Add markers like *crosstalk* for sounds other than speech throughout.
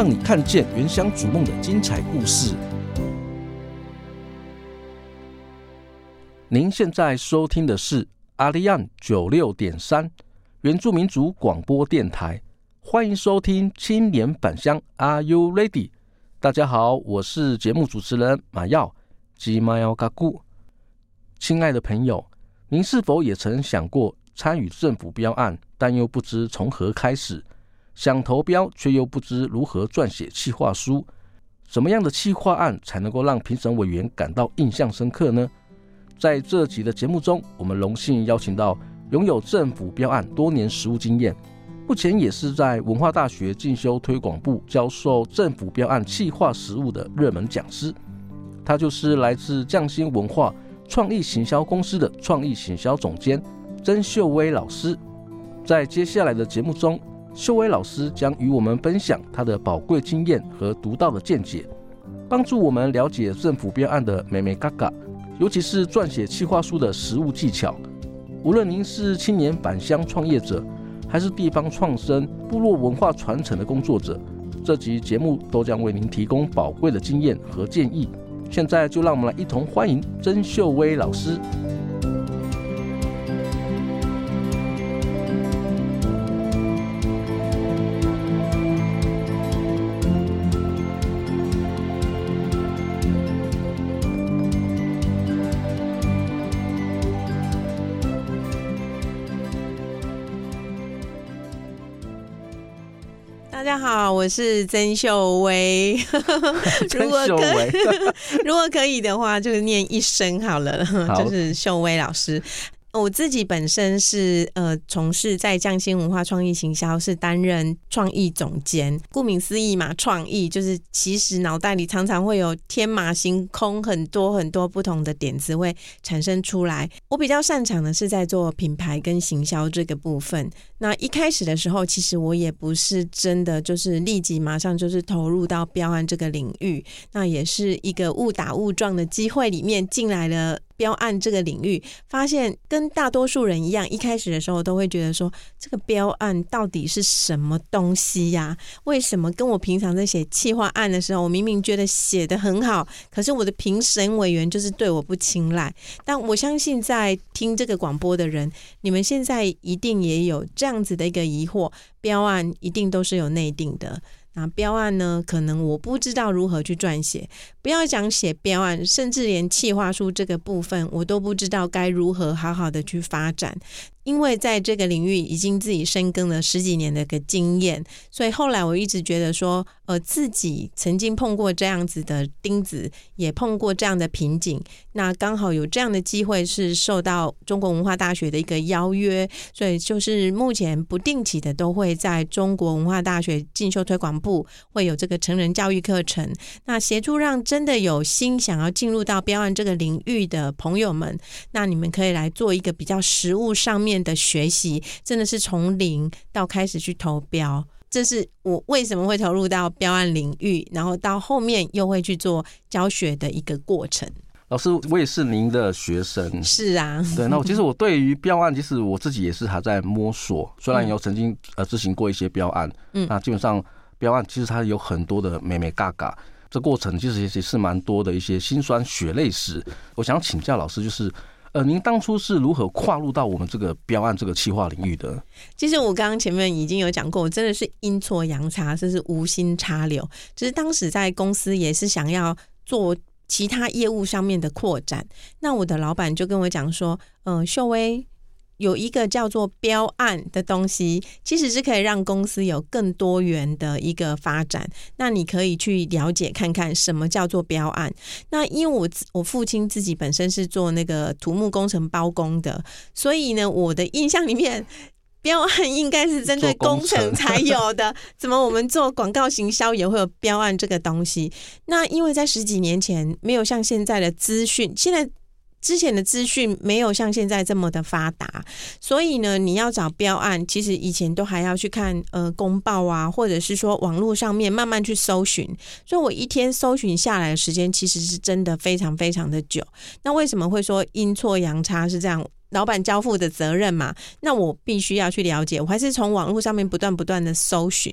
讓你看見原鄉逐夢的精彩故事。您現在收聽的是 Alian 九六點三原住民族廣播電臺，歡迎收聽青年返鄉。Are You Ready？大家好，我是節目主持人馬耀吉馬耀卡古。親愛的朋友，您是否也曾想過參與政府標案，但又不知從何開始？想投標卻又不知如何撰寫企劃書，什麼樣的企劃案才能夠讓評審委員感到印象深刻呢？在這集的節目中，我們榮幸邀請到擁有政府標案多年實務經驗，目前也是在文化大學進修推廣部教授政府標案企劃實務的熱門講師，她就是來自匠心文化創意行銷公司的創意行銷總監曾秀微老師。在接下來的節目中。秀薇老師將與我們分享她的寶貴經驗和獨到的見解，幫助我們了解政府標案的眉眉角角，尤其是撰寫企劃書的實務技巧。無論您是青年返鄉創業者，還是地方創生、部落文化傳承的工作者，這集節目都將為您提供寶貴的經驗和建議。現在就讓我們來一同歡迎曾秀薇老師。大家好，我是曾秀微。 *laughs* 如果可以如果可以的話，就念一聲好了，好 *laughs* 就是秀微老師。我自己本身是呃從事在匠心文化創意行銷，是擔任創意總監。顧名思義嘛，創意就是其實腦袋裡常常會有天馬行空，很多很多不同的點子會產生出來。我比較擅長的是在做品牌跟行銷這個部分。那一開始的時候，其實我也不是真的就是立即馬上就是投入到標案這個領域，那也是一個誤打誤撞的機會裡面進來了。標案這個領域，發現跟大多數人一樣，一開始的時候都會覺得說，這個標案到底是什麼東西呀、啊？為什麼跟我平常在寫企劃案的時候，我明明覺得寫得很好，可是我的評審委員就是對我不青睞？但我相信，在聽這個廣播的人，你們現在一定也有這樣子的一個疑惑：標案一定都是有內定的。啊，標案呢，可能我不知道如何去撰寫，不要講寫標案，甚至連企劃書這個部分，我都不知道該如何好好的去發展。因為在這個領域已經自己深耕了十幾年的一個經驗，所以後來我一直覺得說，呃，自己曾經碰過這樣子的釘子，也碰過這樣的瓶頸。那剛好有這樣的機會，是受到中國文化大學的一個邀約，所以就是目前不定期的都會在中國文化大學進修推廣部會有這個成人教育課程，那協助讓真的有心想要進入到標案這個領域的朋友們，那你們可以來做一個比較實務上面的學習真的是從零到開始去投標，這是我為什麼會投入到標案領域，然後到後面又會去做教學的一個過程。老師，我也是您的學生。是啊。對，那我其實我對於標案，其實我自己也是還在摸索。雖然有曾經呃執行過一些標案，嗯，那基本上標案其實它有很多的眉眉角角，這過程其實也是蠻多的一些辛酸血淚史。我想請教老師，就是。呃，您當初是如何跨入到我們這個標案這個企劃領域的？其實我剛剛前面已經有講過，我真的是陰錯陽差，這是無心插柳。只、就是當時在公司也是想要做其他業務上面的擴展，那我的老闆就跟我講說，嗯、呃，秀微。有一個叫做標案的東西，其實是可以讓公司有更多元的一個發展。那你可以去了解看看什麼叫做標案。那因為我我父親自己本身是做那個土木工程包工的，所以呢，我的印象裡面標案應該是針對工程才有的。怎麼我們做廣告行銷也會有標案這個東西？那因為在十幾年前沒有像現在的資訊，現在。之前的資訊沒有像現在這麼的發達，所以呢，你要找標案，其實以前都還要去看呃公報啊，或者是說網絡上面慢慢去搜尋。所以我一天搜尋下來的時間，其實是真的非常非常的久。那為什麼會說陰錯陽差是這樣？老闆交付的責任嘛，那我必須要去了解。我還是從網絡上面不斷不斷的搜尋。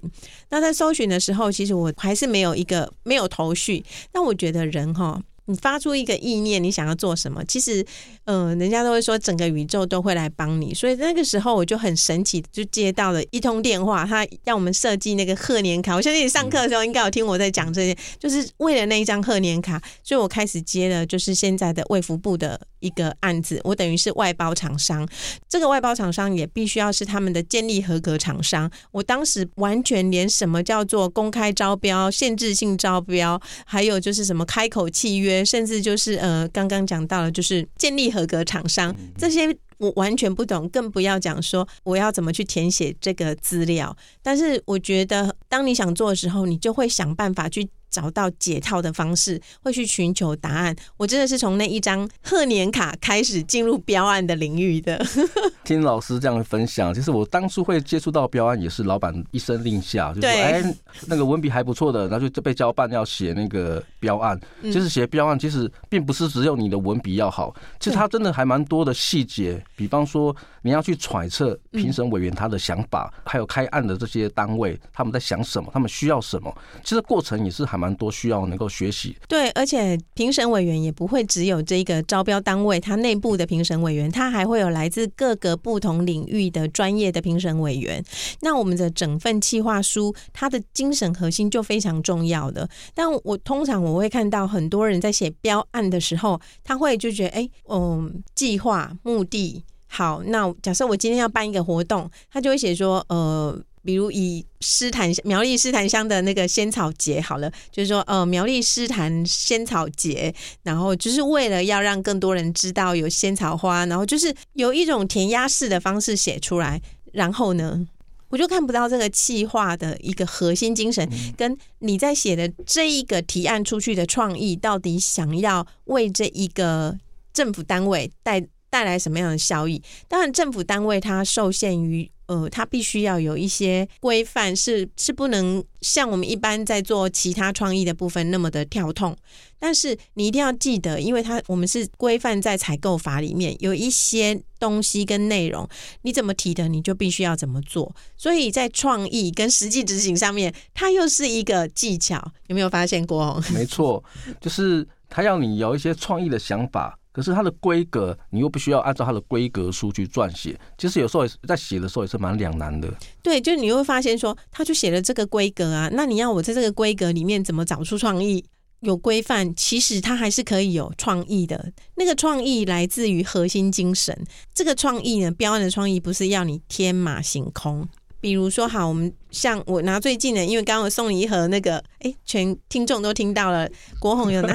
那在搜尋的時候，其實我還是沒有一個沒有頭緒。那我覺得人吼。你發出一個意念，你想要做什麼？其實，嗯、呃，人家都會說整個宇宙都會來幫你。所以那個時候我就很神奇，就接到了一通電話，他要我們設計那個賀年卡。我相信你上課的時候應該有聽我在講這些，就是為了那一張賀年卡，所以我開始接了，就是現在的衛福部的。一個案子，我等於是外包廠商，這個外包廠商也必須要是他們的建立合格廠商。我當時完全連什麼叫做公開招標、限制性招標，還有就是什麼開口契約，甚至就是呃，剛剛講到了就是建立合格廠商，這些我完全不懂，更不要講說我要怎麼去填寫這個資料。但是我覺得，當你想做的時候，你就會想辦法去。找到解套的方式，會去尋求答案。我真的是從那一張賀年卡開始進入標案的領域的。 *laughs* 聽老師這樣分享，其實我當初會接觸到標案，也是老板一聲令下，就說：“哎對、欸，那個文筆還不錯的，那就就被交辦要寫那個標案。嗯”其實寫標案其實並不是只有你的文筆要好，其實他真的還蠻多的細節。嗯、比方說，你要去揣測評審委員他的想法，嗯、還有開案的這些單位他們在想什麼，他們需要什麼。其實過程也是還蠻。蠻多需要能夠學習，對，而且評審委員也不會只有這一個招標單位，他內部的評審委員，他還會有來自各個不同領域的專業的評審委員。那我們的整份企劃書，它的精神核心就非常重要的。但我通常我會看到很多人在寫標案的時候，他會就覺得，哎，嗯、呃，計劃目的好，那假設我今天要辦一個活動，他就會寫說，呃。比如以獅潭苗栗獅潭鄉的那個仙草節好了，就是說，呃，苗栗獅潭仙草節，然後就是為了要讓更多人知道有仙草花，然後就是有一種填鴨式的方式寫出來，然後呢，我就看不到這個企劃的一個核心精神，嗯、跟你在寫的這一個提案出去的創意，到底想要為這一個政府單位帶帶來什麼樣的效益？當然，政府單位它受限於。呃，它必須要有一些規範，是是不能像我們一般在做其他創意的部分那麼的跳痛。但是你一定要記得，因為它我們是規範在採購法裡面有一些東西跟內容，你怎麼提的，你就必須要怎麼做。所以在創意跟實際執行上面，它又是一個技巧，有沒有發現過？沒錯，就是它要你有一些創意的想法。可是它的規格，你又不需要按照它的規格書去撰寫，其實有時候在寫的時候也是蠻兩難的。對，就是你會發現說，他就寫了這個規格啊，那你要我在這個規格裡面怎麼找出創意？有規範，其實它還是可以有創意的。那個創意來自於核心精神。這個創意呢，標案的創意不是要你天馬行空。比如說，好，我們。像我拿最近的，因為剛剛我送了一盒那個，哎、欸，全聽眾都聽到了，國宏有拿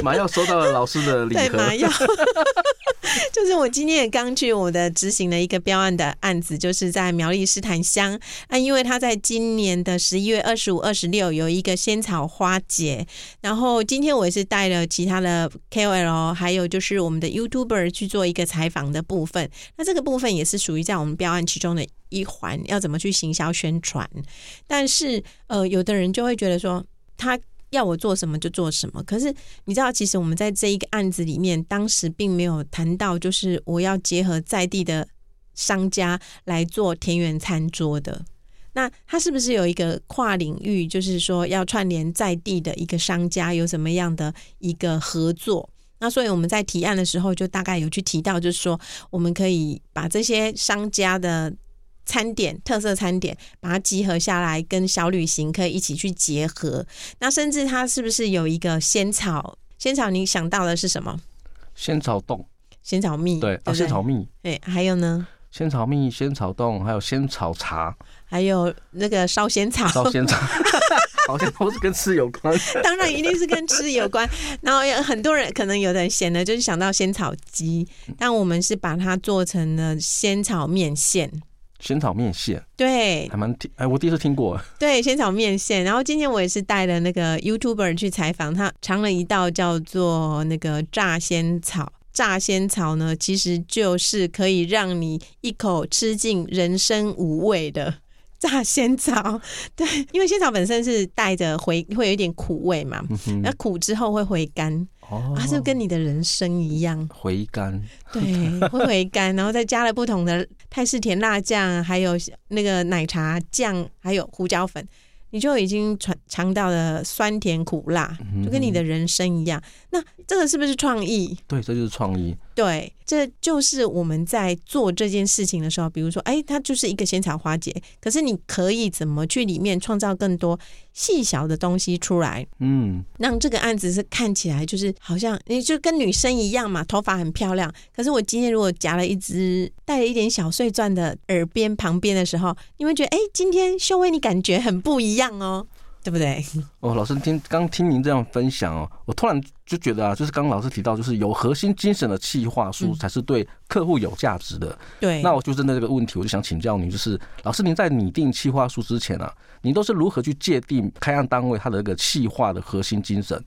，Mayaw *laughs* *laughs* 收到了老師的禮盒，對，Mayaw， *laughs* 就是我今天也剛去我的執行的一個標案的案子，就是在苗栗獅潭鄉，那因為他在今年的十一月二十五、二十六有一個仙草花節，然後今天我也是帶了其他的 KOL，還有就是我們的 YouTuber 去做一個採訪的部分，那這個部分也是屬於在我們標案其中的一環，要怎麼去行銷。宣傳，但是呃，有的人就會覺得說，他要我做什麼就做什麼。可是你知道，其實我們在這一個案子裡面，當時並沒有談到，就是我要結合在地的商家來做田園餐桌的。那他是不是有一個跨領域，就是說要串聯在地的一個商家，有什麼樣的一個合作？那所以我們在提案的時候，就大概有去提到，就是說我們可以把這些商家的。餐點特色餐點，把它集合下來，跟小旅行可以一起去結合。那甚至它是不是有一個仙草？仙草你想到的是什麼？仙草凍、仙草蜜，對，對，對啊，仙草蜜。哎，還有呢？仙草蜜、仙草凍，還有仙草茶，還有那個燒仙草。燒仙草， *laughs* 好像都是跟吃有關。當然一定是跟吃有關。 *laughs* 然後有很多人可能有點閒的人，就是想到仙草雞，但我們是把它做成了仙草麵線。仙草麵線，對，還蠻聽哎，我第一次聽過。對，仙草麵線。然後今天我也是帶了那個 YouTuber 去採訪，他嚐了一道叫做那個炸仙草。炸仙草呢，其實就是可以讓你一口吃盡人生五味的炸仙草。對，因為仙草本身是帶着回，會有一點苦味嘛，那、嗯、哼苦之後會回甘。哦，就、啊、跟你的人生一樣，回甘。對，會回甘， *laughs* 然後再加了不同的泰式甜辣醬，還有那個奶茶醬，還有胡椒粉，你就已經嚐嚐到了酸甜苦辣，嗯、就跟你的人生一樣。那這個是不是創意？對，這就是創意。對，這就是我們在做這件事情的時候，比如說，哎，它就是一個仙草花節，可是你可以怎麼去裡面創造更多細小的東西出來？嗯，讓這個案子是看起來就是好像你就跟女生一樣嘛，頭髮很漂亮。可是我今天如果夾了一支帶了一點小碎鑽的耳邊旁邊的時候，你會覺得，哎，今天秀微你感覺很不一樣哦。對不對？哦，老師，聽剛聽您這樣分享哦，我突然就覺得啊，就是剛剛老師提到，就是有核心精神的企劃書才是對客戶有價值的。嗯、對，那我就針對這個問題，我就想請教你，就是老師，您在擬定企劃書之前啊，您都是如何去界定開案單位它的一個企劃的核心精神？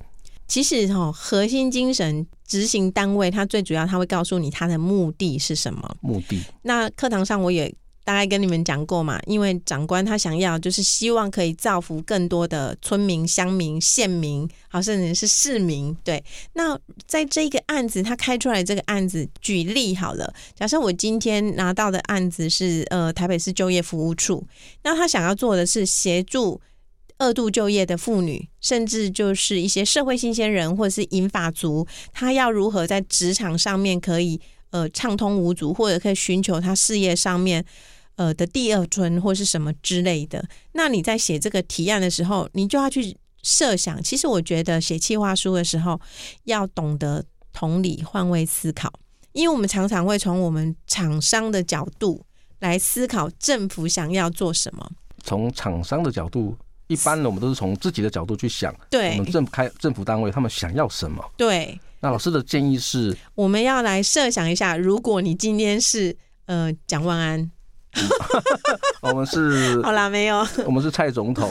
其實哈、哦，核心精神，執行單位它最主要它會告訴你它的目的是什麼目的。那課堂上我也大概跟你們講過嘛，因為長官他想要就是希望可以造福更多的村民、鄉民、縣民，好甚至是市民。對，那在這個案子他開出來這個案子，舉例好了，假設我今天拿到的案子是呃台北市就業服務處，那他想要做的是協助二度就業的婦女，甚至就是一些社會新鮮人或者是銀髮族，他要如何在職場上面可以呃暢通無阻，或者可以尋求他事業上面。呃的第二春或是什麼之類的，那你在寫這個提案的時候，你就要去設想。其實我覺得寫企劃書的時候，要懂得同理換位思考，因為我們常常會從我們廠商的角度來思考政府想要做什麼。從廠商的角度，一般呢，我們都是從自己的角度去想。對，我們政開政府單位他們想要什麼？對。那老師的建議是，我們要來設想一下，如果你今天是呃蔣萬安。 *laughs* 我們是 *laughs* 好了沒有？我們是蔡總統。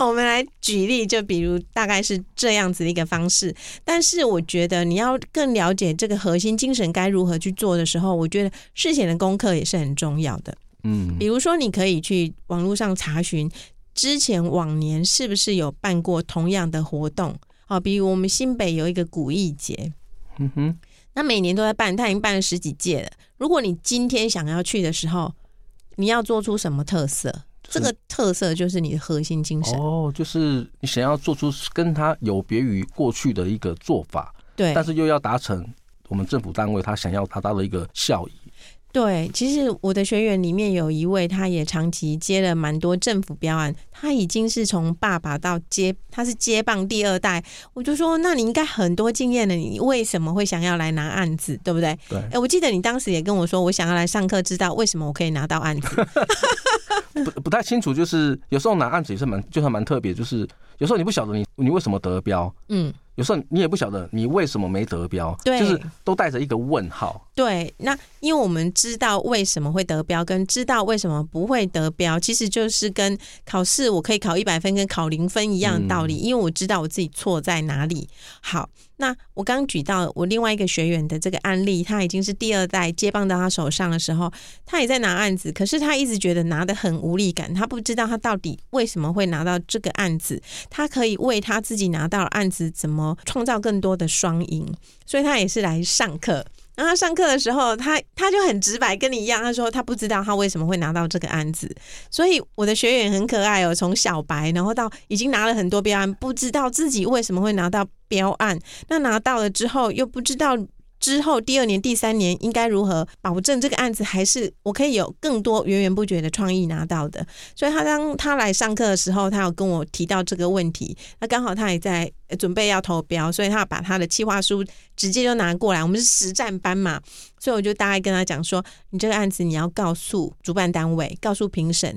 我們來舉例，就比如大概是這樣子的一個方式。但是我覺得你要更了解這個核心精神該如何去做的時候，我覺得事前的功課也是很重要的。嗯，比如說你可以去網絡上查詢之前往年是不是有辦過同樣的活動。好，比如我們新北有一個古藝節。嗯哼。那每年都在辦，他已經辦了十幾屆了。如果你今天想要去的時候，你要做出什麼特色？這個特色就是你的核心精神。哦，就是你想要做出跟他有別於過去的一個做法。對。但是又要達成我們政府單位他想要達到的一個效益。對，其實我的學員裡面有一位，他也長期接了蠻多政府標案，他已經是從爸爸到接，他是接棒第二代。我就說，那你應該很多經驗了，你為什麼會想要來拿案子，對不對？對。哎、欸，我記得你當時也跟我說，我想要來上課，知道為什麼我可以拿到案子？ *laughs* *laughs* 不不太清楚，就是有時候拿案子也是蠻，就算蠻特別，就是有時候你不曉得你你為什麼得標，嗯，有時候你也不曉得你為什麼沒得標，對，就是都帶着一個問號。對，那因為我們知道為什麼會得標，跟知道為什麼不會得標，其實就是跟考試我可以考一百分，跟考零分一樣的道理。嗯。因為我知道我自己錯在哪裡。好，那我剛舉到我另外一個學員的這個案例，他已經是第二代接棒到他手上的時候，他也在拿案子，可是他一直覺得拿得很無力感，他不知道他到底為什麼會拿到這個案子，他可以為他自己拿到案子怎麼創造更多的雙贏，所以他也是來上課。然後他上課的時候，他他就很直白跟你一樣。他說他不知道他為什麼會拿到這個案子，所以我的學員很可愛哦，從小白然後到已經拿了很多標案，不知道自己為什麼會拿到標案，那拿到了之後又不知道。之後第二年、第三年應該如何保證這個案子還是我可以有更多源源不絕的創意拿到的？所以他當他來上課的時候，他有跟我提到這個問題。那剛好他也在準備要投標，所以他把他的企劃書直接就拿過來。我們是實戰班嘛，所以我就大概跟他講說：你這個案子，你要告訴主辦單位，告訴評審，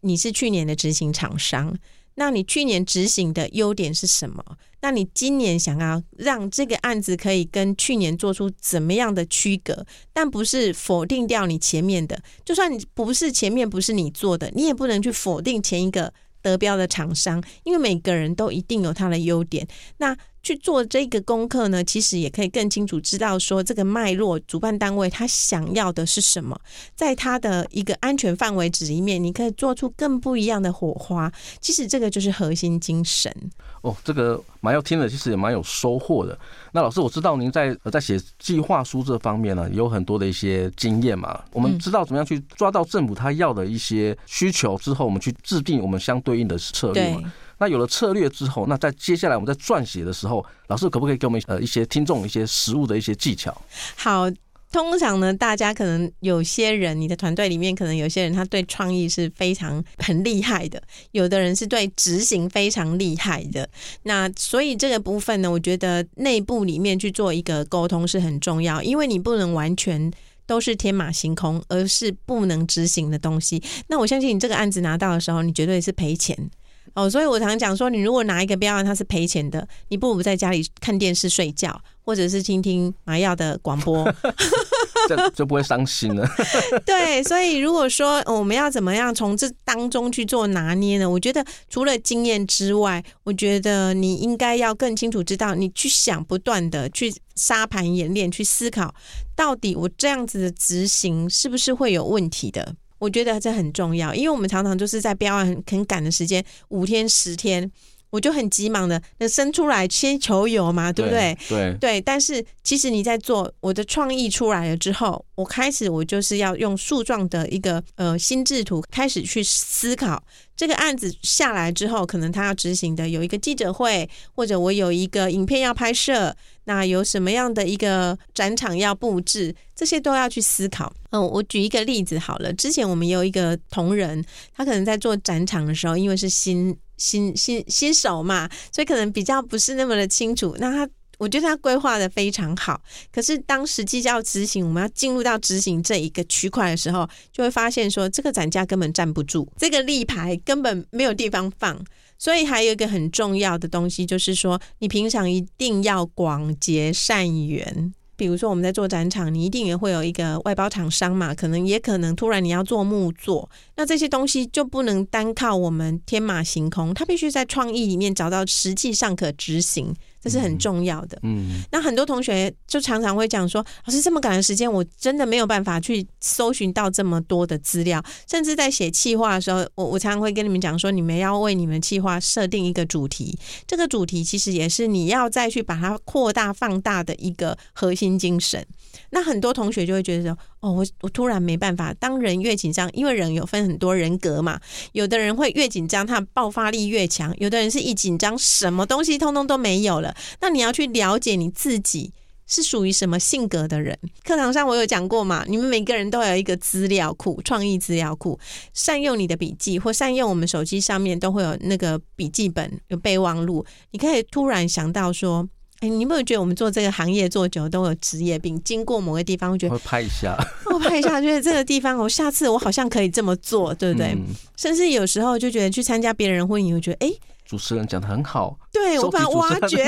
你是去年的執行廠商。那你去年執行的優點是什麼？那你今年想要讓這個案子可以跟去年做出怎麼樣的區隔？但不是否定掉你前面的，就算你不是前面不是你做的，你也不能去否定前一個得標的廠商，因為每個人都一定有他的優點。那。去做這個功課呢，其實也可以更清楚知道說，這個脈絡，主辦單位他想要的是什麼，在他的一個安全範圍裡面，你可以做出更不一樣的火花。其實這個就是核心精神。哦，這個蠻要聽的，其實也蠻有收穫的。那老師，我知道您在在寫計劃書這方面呢，啊，有很多的一些經驗嘛。我們知道怎麼樣去抓到政府他要的一些需求之後，我們去制定我們相對應的策略。那有了策略之後，那在接下來我們在撰寫的時候，老師可不可以給我們呃一些聽眾一些實務的一些技巧？好，通常呢，大家可能有些人，你的團隊裡面可能有些人，他對創意是非常很厲害的，有的人是對執行非常厲害的。那所以這個部分呢，我覺得內部裡面去做一個溝通是很重要，因為你不能完全都是天馬行空，而是不能執行的東西。那我相信你這個案子拿到的時候，你絕對是賠錢。哦，所以我常講說，你如果拿一個標案，它是賠錢的，你不如在家裡看電視睡覺，或者是聽聽 Mayaw 的廣播， *laughs* *laughs* 就不會傷心了。 *laughs* 對，所以如果說、嗯、我們要怎麼樣從這當中去做拿捏呢？我覺得除了經驗之外，我覺得你應該要更清楚知道，你去想，不斷的去沙盤演練，去思考到底我這樣子的執行是不是會有問題的。我覺得這很重要，因為我們常常就是在標案很趕的時間，五天、十天。我就很急忙的，那生出來先求有嘛，對，對不對？對對，但是其實你在做我的創意出來了之後，我開始我就是要用樹狀的一個呃心智圖開始去思考這個案子下來之後，可能他要執行的有一個記者會，或者我有一個影片要拍攝，那有什麼樣的一個展場要布置，這些都要去思考。嗯、呃，我舉一個例子好了，之前我們也有一個同仁，他可能在做展場的時候，因為是新。新新新手嘛，所以可能比較不是那麼的清楚。那他，我覺得他規劃的非常好，可是當實際就要執行，我們要進入到執行這一個區塊的時候，就會發現說，這個展架根本站不住，這個立牌根本沒有地方放。所以還有一個很重要的東西，就是說，你平常一定要廣結善緣。比如說，我們在做展場，你一定也會有一個外包廠商嘛，可能也可能突然你要做木作。那這些東西就不能單靠我們天馬行空，它必須在創意裡面找到實際上可執行。這是很重要的。嗯嗯、那很多同學就常常會講說：“老師，這麼趕的時間，我真的沒有辦法去搜尋到這麼多的資料。甚至在寫企劃的時候，我我常常會跟你們講說，你們要為你們企劃設定一個主題。這個主題其實也是你要再去把它擴大放大的一個核心精神。那很多同學就會覺得說。”哦，我我突然沒辦法。當人越緊張，因為人有分很多人格嘛，有的人會越緊張，他的爆發力越強；有的人是一緊張，什麼東西通通都沒有了。那你要去了解你自己是屬於什麼性格的人。課堂上我有講過嘛，你們每個人都有一個資料庫，創意資料庫，善用你的筆記或善用我們手機上面都會有那個筆記本、有備忘錄，你可以突然想到說。哎，你有沒有覺得我們做這個行業做久都有職業病？經過某個地方，會覺得我會拍一下， *laughs* 我拍一下，覺得這個地方，我下次我好像可以這麼做，對不對？嗯、甚至有時候就覺得去參加別人婚禮，會覺得哎，欸、主持人講得很好。對，我把它挖掘，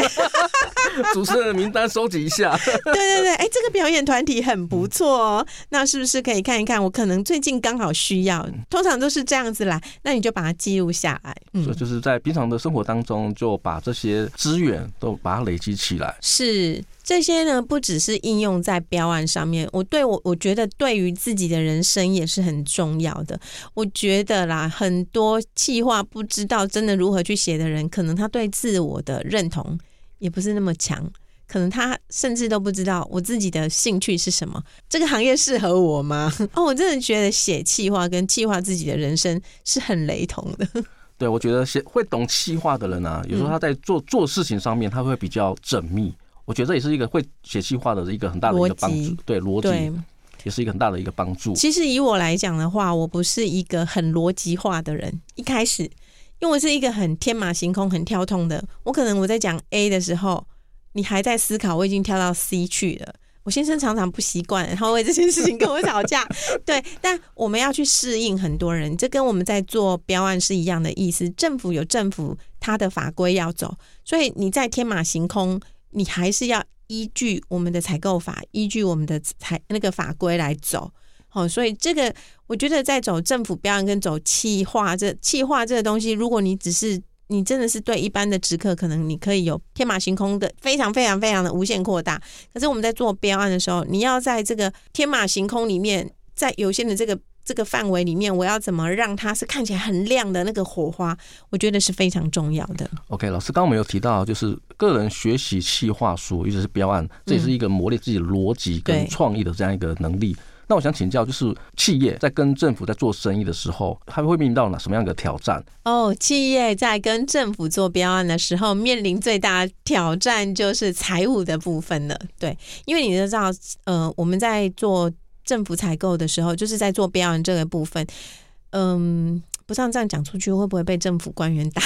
主持人的名單收集一下。 *laughs* 對對對，哎、欸，這個表演團體很不錯哦。嗯、那是不是可以看一看？我可能最近剛好需要，通常都是這樣子啦。那你就把它記錄下來。嗯，所以就是在平常的生活當中，就把這些資源都把它累積起來。是，這些呢，不只是應用在標案上面，我對我我覺得對於自己的人生也是很重要的。我覺得啦，很多企劃不知道真的如何去寫的人，可能他對自己自我的認同也不是那麼強，可能他甚至都不知道我自己的興趣是什麼，這個行業適合我嗎？哦，我真的覺得寫企劃跟企劃自己的人生是很雷同的。對，我覺得寫會懂企劃的人啊，有時候他在做做事情上面他會比較縝密，嗯，我覺得這也是一個會寫企劃的一個很大的一個幫助。邏輯，對，邏輯也是一個很大的一個幫助。其實以我來講的話，我不是一個很邏輯化的人，一開始。因為我是一個很天馬行空、很跳痛的，我可能我在講 A 的時候，你還在思考，我已經跳到 C 去了。我先生常常不習慣，然後為這件事情跟我吵架。 *laughs* 對，但我們要去適應很多人，這跟我們在做標案是一樣的意思。政府有政府它的法規要走，所以你在天馬行空，你還是要依據我們的採購法，依據我們的財那個法規來走。哦，所以這個我覺得在走政府標案跟走企劃這企劃這個東西，如果你只是你真的是對一般的職客，可能你可以有天馬行空的非常非常非常的無限擴大。可是我們在做標案的時候，你要在這個天馬行空裡面，在有限的這個這個範圍裡面，我要怎麼讓它是看起來很亮的那個火花？我覺得是非常重要的。OK，老師剛剛我們有提到，就是個人學習企劃書，尤其是標案，這是一個磨練自己邏輯跟創意的這樣一個能力。嗯那我想請教，就是企業在跟政府在做生意的時候，他們會面臨到哪什麼樣的挑戰？哦，企業在跟政府做標案的時候，面臨最大的挑戰就是財務的部分了。對，因為你都知道，呃，我們在做政府採購的時候，就是在做標案這個部分。嗯，不像這樣講出去，會不會被政府官員打？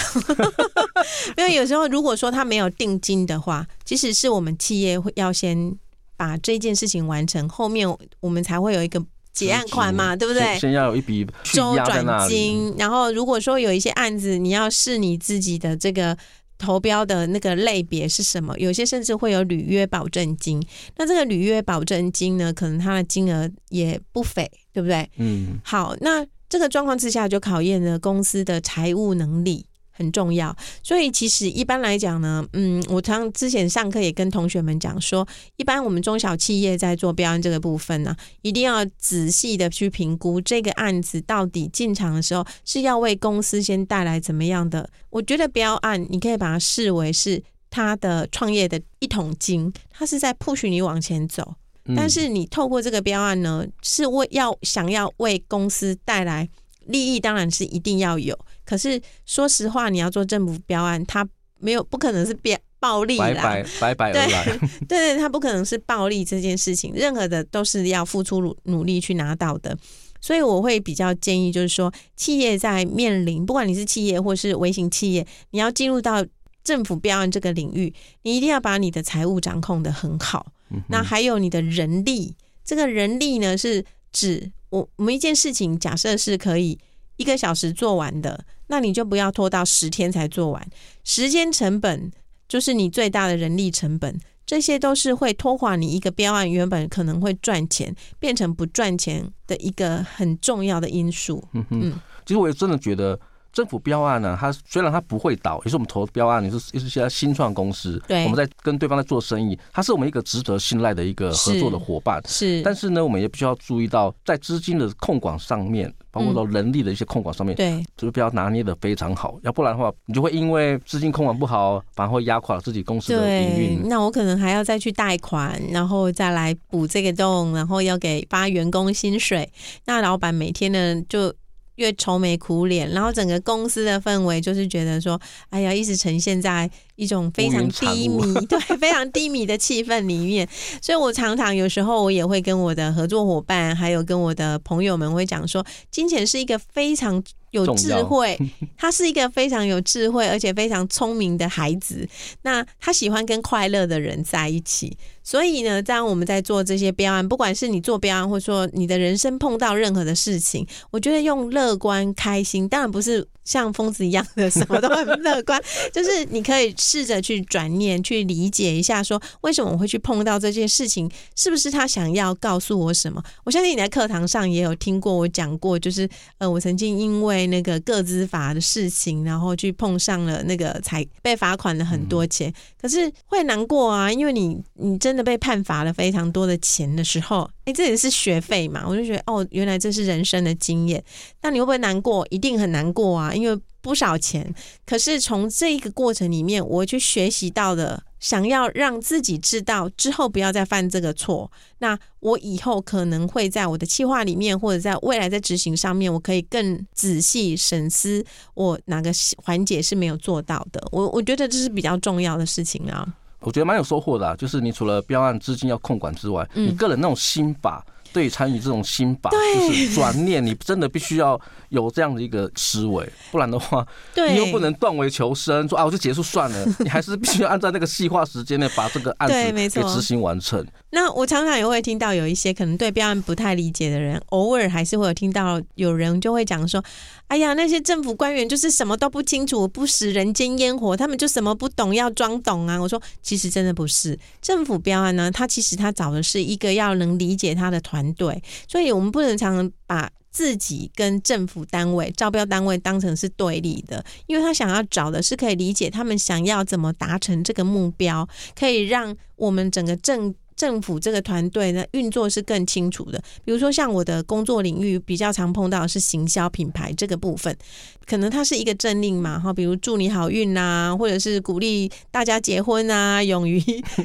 因為有時候如果說他沒有定金的話，即使是我們企業會要先。把這件事情完成，後面我們才會有一個結案款嘛，且對不對？先要有一筆周轉金。嗯、然後如果說有一些案子，你要試你自己的這個投標的那個類別是什麼？有些甚至會有履約保證金，那這個履約保證金呢，可能它的金額也不菲，對不對？嗯。好，那這個狀況之下，就考驗了公司的財務能力。很重要，所以其實一般來講呢，嗯，我常之前上課也跟同學們講說，一般我們中小企業在做標案這個部分呢、啊，一定要仔細的去評估這個案子到底進場的時候是要為公司先帶來怎麼樣的。我覺得標案你可以把它視為是他的創業的一桶金，他是在 push 你往前走，但是你透過這個標案呢，是為要想要為公司帶來利益，當然是一定要有。可是說實話，你要做政府標案，它沒有不可能是標暴利啦白白，白白而來，對對，它不可能是暴利這件事情，任何的都是要付出努努力去拿到的。所以我會比較建議，就是說，企業在面臨不管你是企業或是微型企業，你要進入到政府標案這個領域，你一定要把你的財務掌控得很好。嗯哼，那還有你的人力，這個人力呢是指我我們一件事情，假設是可以。一個小時做完的，那你就不要拖到十天才做完。時間成本就是你最大的人力成本，這些都是會拖垮你一個標案原本可能會賺錢，變成不賺錢的一個很重要的因素。嗯哼，其實我也真的覺得。政府標案呢，它雖然它不會倒，也是我們投標案，也是也是現在新創公司，對我們在跟對方在做生意，它是我們一個值得信賴的一個合作的夥伴是。是，但是呢，我們也必須要注意到，在資金的控管上面，包括到人力的一些控管上面，對、嗯，就是比較拿捏的非常好。對要不然的話，你就會因為資金控管不好，反而會壓垮自己公司的營運。那我可能還要再去貸款，然後再來補這個洞，然後要給發員工薪水。那老闆每天呢，就。越愁眉苦臉，然後整個公司的氛圍就是覺得說，哎呀，一直呈現在一種非常低迷，對，非常低迷的氣氛裡面。 *laughs* 所以我常常有時候我也會跟我的合作伙伴，還有跟我的朋友們會講說，金錢是一個非常。有智慧，他是一個非常有智慧而且非常聰明的孩子。那他喜歡跟快樂的人在一起，所以呢，在我們在做這些標案，不管是你做標案，或者說你的人生碰到任何的事情，我覺得用樂觀、開心，當然不是。像瘋子一樣的，什麼都很樂觀。 *laughs* 就是你可以試着去轉念，去理解一下，說為什麼我會去碰到這件事情？是不是他想要告訴我什麼？我相信你在課堂上也有聽過我講過，就是呃，我曾經因為那個個資法的事情，然後去碰上了那個，才被罰款了很多錢。嗯。可是會難過啊，因為你你真的被判罰了非常多的錢的時候。哎、欸，這也是學費嘛，我就覺得哦，原來這是人生的經驗。那你會不會難過？一定很難過啊，因為不少錢。可是從這一個過程裡面，我去學習到的，想要讓自己知道之後不要再犯這個錯。那我以後可能會在我的計劃裡面，或者在未來在執行上面，我可以更仔細審思我哪個環節是沒有做到的。我我覺得這是比較重要的事情啊。我覺得蠻有收穫的啊，就是你除了標案資金要控管之外，嗯，你個人那種心法，對參與這種心法，對，就是轉念，你真的必須要。有這樣的一個思維，不然的話，你又對不能斷尾求生，說啊，我就結束算了。 *laughs* 你還是必須要按照那個細化時間內把這個案子給執行完成。那我常常也會聽到有一些可能對標案不太理解的人，偶爾還是會有聽到有人就會講說：“哎呀，那些政府官員就是什麼都不清楚，不食人間煙火，他們就什麼不懂要裝懂啊！”我說，其實真的不是政府標案呢，他其實他找的是一個要能理解他的團隊，所以我們不能常常把。自己跟政府單位、招標單位當成是對立的，因為他想要找的是可以理解他們想要怎麼達成這個目標，可以讓我們整個政政府這個團隊呢，運作是更清楚的。比如說，像我的工作領域比較常碰到的是行銷品牌這個部分，可能它是一個政令嘛，哈，比如祝你好運吶、啊，或者是鼓勵大家結婚啊，勇於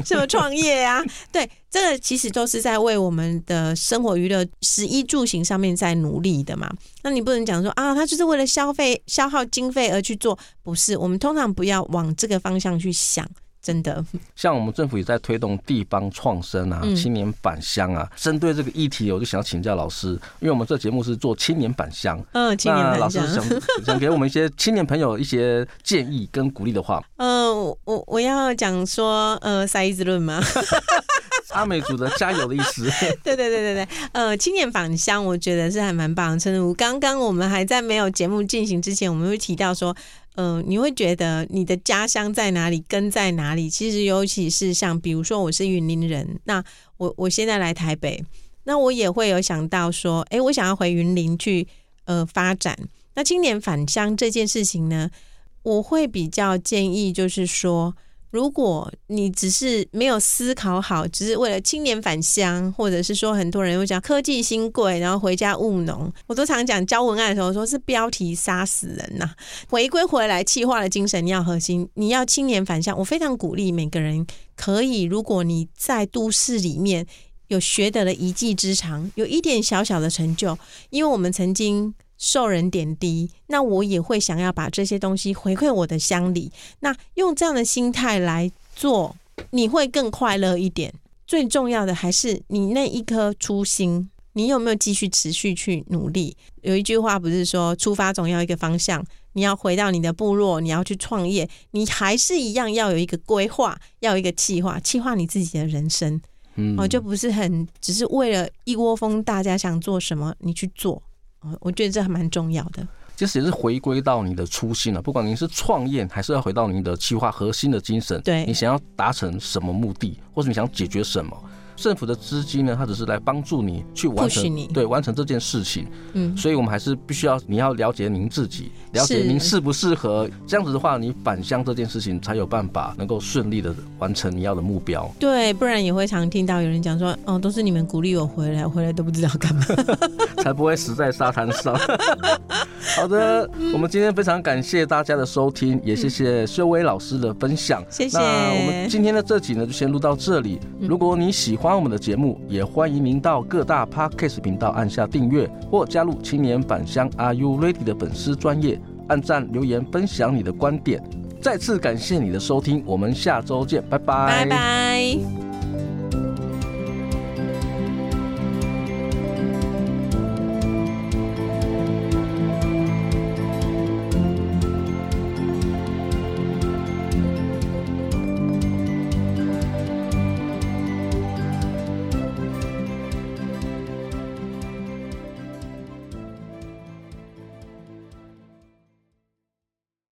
什麼創業啊， *laughs* 對，這個、其實都是在為我們的生活娛樂、食衣住行上面在努力的嘛。那你不能講說啊，他就是為了消費、消耗經費而去做，不是？我們通常不要往這個方向去想。真的，像我們政府也在推動地方創生啊，青年返鄉啊。嗯、針對這個議題，我就想請教老師，因為我們這節目是做青年返鄉，嗯、哦，青年返鄉。那老師想，想給我們一些青年朋友一些建議跟鼓勵的話。呃，我我，我要講說，呃，賽伊之論嗎？ *laughs* 阿美族的加油的意思。 *laughs* 對對對對對，呃，青年返鄉，我覺得是還蠻棒的。正如剛剛我們還在沒有節目進行之前，我們會提到說。嗯、呃，你會覺得你的家鄉在哪裡，根在哪裡？其實，尤其是像比如說，我是雲林人，那我我現在來台北，那我也會有想到說，哎、欸，我想要回雲林去，呃，發展。那青年返鄉這件事情呢，我會比較建議，就是說。如果你只是沒有思考好，只是為了青年返鄉，或者是說很多人會講科技新貴，然後回家務農，我都常講教文案的時候，說是標題殺死人吶、啊。回歸回來企劃的精神，你要核心，你要青年返鄉。我非常鼓勵每個人，可以如果你在都市裡面有學得了一技之長，有一點小小的成就，因為我們曾經。受人點滴，那我也會想要把這些東西回饋我的鄉里。那用這樣的心態來做，你會更快樂一點。最重要的還是你那一顆初心，你有沒有繼續持續去努力？有一句話不是說出發總要一個方向，你要回到你的部落，你要去創業，你還是一樣要有一個規劃，要有一個企劃，企劃你自己的人生。嗯，我、哦、就不是很只是為了一窩蜂，大家想做什麼你去做。我覺得這還蠻重要的，其實也是回歸到你的初心了。不管你是創業，還是要回到你的企劃核心的精神，對，你想要達成什麼目的，或是你想解決什麼。政府的資金呢，它只是來幫助你去完成，Push you. 對，完成這件事情。嗯，所以我們還是必須要，你要了解您自己，了解您適不適合是這樣子的話，你返鄉這件事情才有辦法能夠順利的完成你要的目標。對，不然也會常聽到有人講說，哦，都是你們鼓勵我回來，我回來都不知道幹嘛， *laughs* *laughs* 才不會死在沙灘上。 *laughs* 好的，嗯、我們今天非常感謝大家的收聽，也謝謝秀微老師的分享。謝謝、嗯。那我們今天的這集呢，就先錄到這裡。如果你喜歡歡迎我們的節目，也歡迎您到各大 Podcast 頻道按下訂閱或加入“青年返鄉 Are You Ready” 的粉絲專頁，按贊留言分享你的觀點。再次感謝你的收聽，我們下周見，拜拜。拜拜。